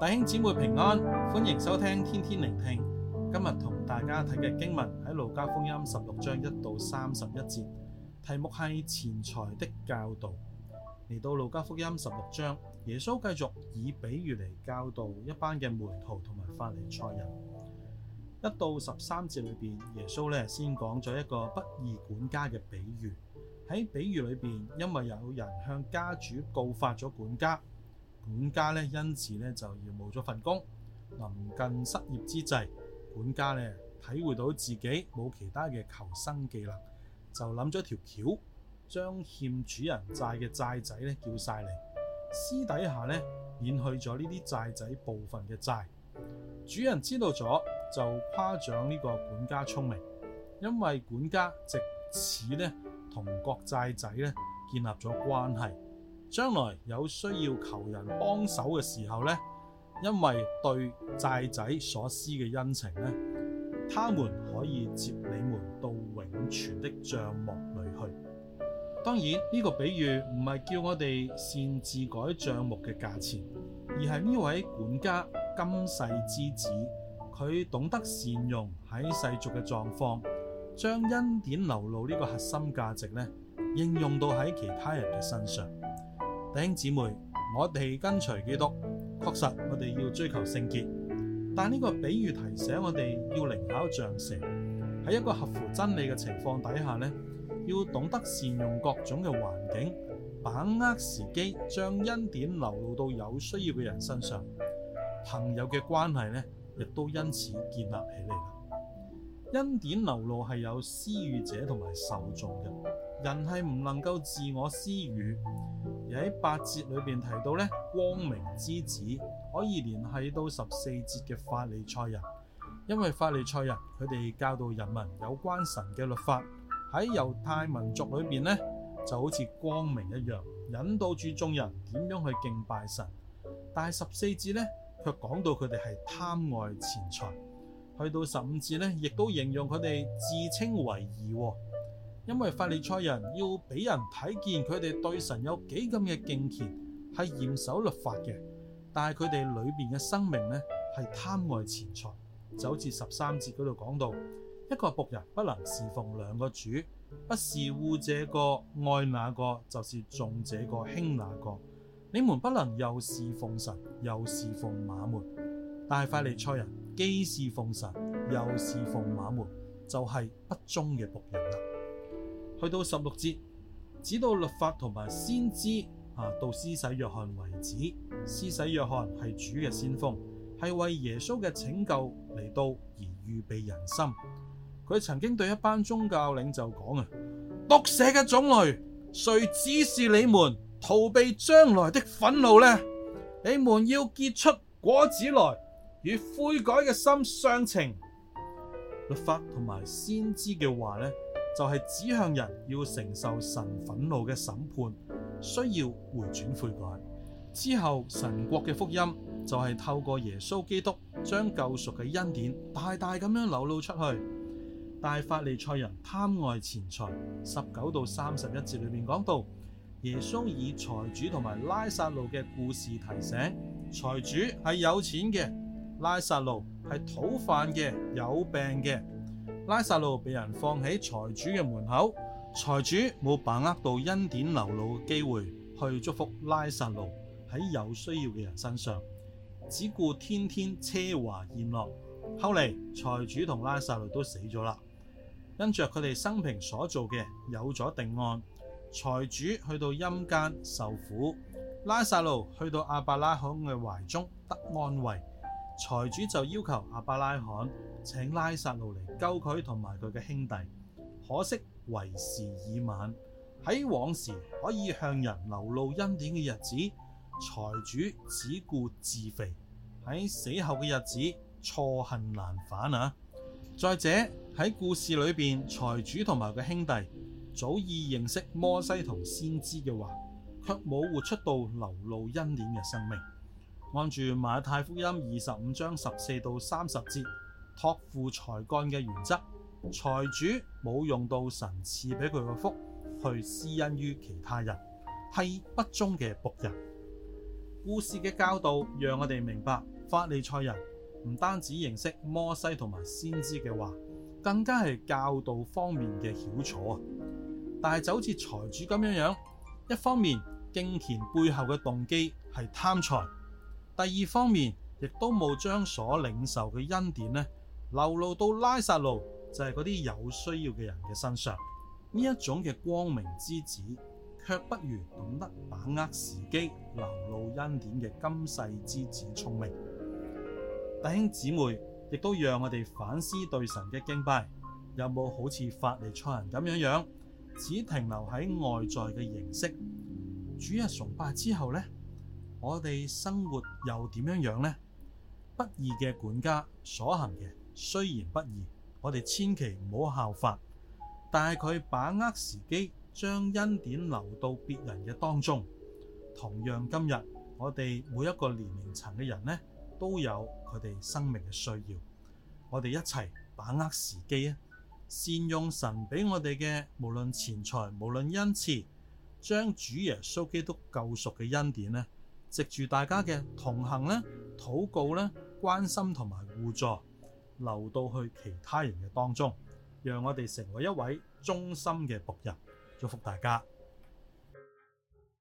弟兄姊妹平安，歡迎收聽天天靈聽。今日同大家睇嘅經文喺路加福音十六章一到三十一節，題目係錢財的教導。嚟到路加福音十六章，耶穌繼續以比喻嚟教導一班嘅門徒同埋法利賽人。一到十三節裏邊，耶穌呢先講咗一個不義管家嘅比喻。喺比喻裏邊，因為有人向家主告發咗管家。管家咧，因此咧就要冇咗份工。臨近失業之際，管家咧體會到自己冇其他嘅求生技能，就諗咗條橋，將欠主人債嘅債仔咧叫晒嚟，私底下咧免去咗呢啲債仔部分嘅債。主人知道咗就誇獎呢個管家聰明，因為管家藉此咧同各債仔咧建立咗關係。將來有需要求人幫手嘅時候呢，因為對債仔所施嘅恩情呢，他們可以接你們到永存的帳幕裏去。當然呢，呢個比喻唔係叫我哋擅自改帳目嘅價錢，而係呢位管家今世之子，佢懂得善用喺世俗嘅狀況，將恩典流露呢個核心價值呢應用到喺其他人嘅身上。弟兄姊妹，我哋跟隨基督，確實我哋要追求聖潔。但呢個比喻提醒我哋要靈巧像蛇，喺一個合乎真理嘅情況底下呢，要懂得善用各種嘅環境，把握時機，將恩典流露到有需要嘅人身上。朋友嘅關係呢亦都因此建立起嚟啦。恩典流露係有施予者同埋受眾嘅，人係唔能夠自我施予。喺八節裏邊提到咧，光明之子可以連繫到十四節嘅法利賽人，因為法利賽人佢哋教導人民有關神嘅律法，喺猶太民族裏邊咧就好似光明一樣，引導住眾人點樣去敬拜神。但係十四節呢，卻講到佢哋係貪愛錢財，去到十五節呢，亦都形容佢哋自稱為義喎。因為法利賽人要俾人睇見佢哋對神有幾咁嘅敬虔，係嚴守律法嘅，但係佢哋裏邊嘅生命呢，係貪愛錢財。就好似十三節嗰度講到，一個僕人不能侍奉兩個主，不是護這個愛那個，就是重這個輕那個。你們不能又侍奉神又侍奉馬門但係法利賽人既侍奉神又侍奉馬門，就係不忠嘅僕人啦。去到十六節，指到律法同埋先知啊，到施洗約翰為止。施洗約翰係主嘅先鋒，係為耶穌嘅拯救嚟到而預備人心。佢曾經對一班宗教領袖講啊：毒蛇嘅種類，誰指示你們逃避將來的憤怒呢？你們要結出果子來，與悔改嘅心相稱。律法同埋先知嘅話呢。就係指向人要承受神憤怒嘅審判，需要回轉悔改。之後，神國嘅福音就係透過耶穌基督將救贖嘅恩典大大咁樣流露出去。大法利賽人貪愛錢財，十九到三十一節裏面講到，耶穌以財主同埋拉撒路嘅故事提醒：財主係有錢嘅，拉撒路係討飯嘅，有病嘅。拉撒路被人放喺財主嘅門口，財主冇把握到恩典流露嘅機會去祝福拉撒路喺有需要嘅人身上，只顧天天奢華宴樂。後嚟財主同拉撒路都死咗啦，因着佢哋生平所做嘅有咗定案，財主去到陰間受苦，拉撒路去到亞伯拉罕嘅懷中得安慰。財主就要求亞伯拉罕請拉撒路嚟救佢同埋佢嘅兄弟，可惜為時已晚。喺往時可以向人流露恩典嘅日子，財主只顧自肥；喺死後嘅日子，錯恨難返啊！再者喺故事裏邊，財主同埋佢兄弟早已認識摩西同先知嘅話，卻冇活出到流露恩典嘅生命。按住《馬太福音》二十五章十四到三十節，託付才幹嘅原則，財主冇用到神賜俾佢嘅福去施恩於其他人，係不忠嘅僕人。故事嘅教導讓我哋明白，法利賽人唔單止認識摩西同埋先知嘅話，更加係教導方面嘅曉楚啊。但係，就好似財主咁樣樣，一方面敬虔背後嘅動機係貪財。第二方面，亦都冇將所領受嘅恩典咧，流露到拉撒路就係嗰啲有需要嘅人嘅身上。呢一種嘅光明之子，卻不如懂得把握時機流露恩典嘅今世之子聰明。弟兄姊妹，亦都讓我哋反思對神嘅敬拜，有冇好似法利賽人咁樣樣，只停留喺外在嘅形式？主日崇拜之後呢？我哋生活又點樣樣呢？不義嘅管家所行嘅雖然不義，我哋千祈唔好效法。但係佢把握時機，將恩典留到別人嘅當中。同樣今日，我哋每一個年齡層嘅人呢，都有佢哋生命嘅需要。我哋一齊把握時機啊！善用神俾我哋嘅，無論錢財，無論恩賜，將主耶穌基督救贖嘅恩典咧。藉住大家嘅同行呢，禱告呢，關心同埋互助，流到去其他人嘅當中，讓我哋成為一位忠心嘅僕人。祝福大家。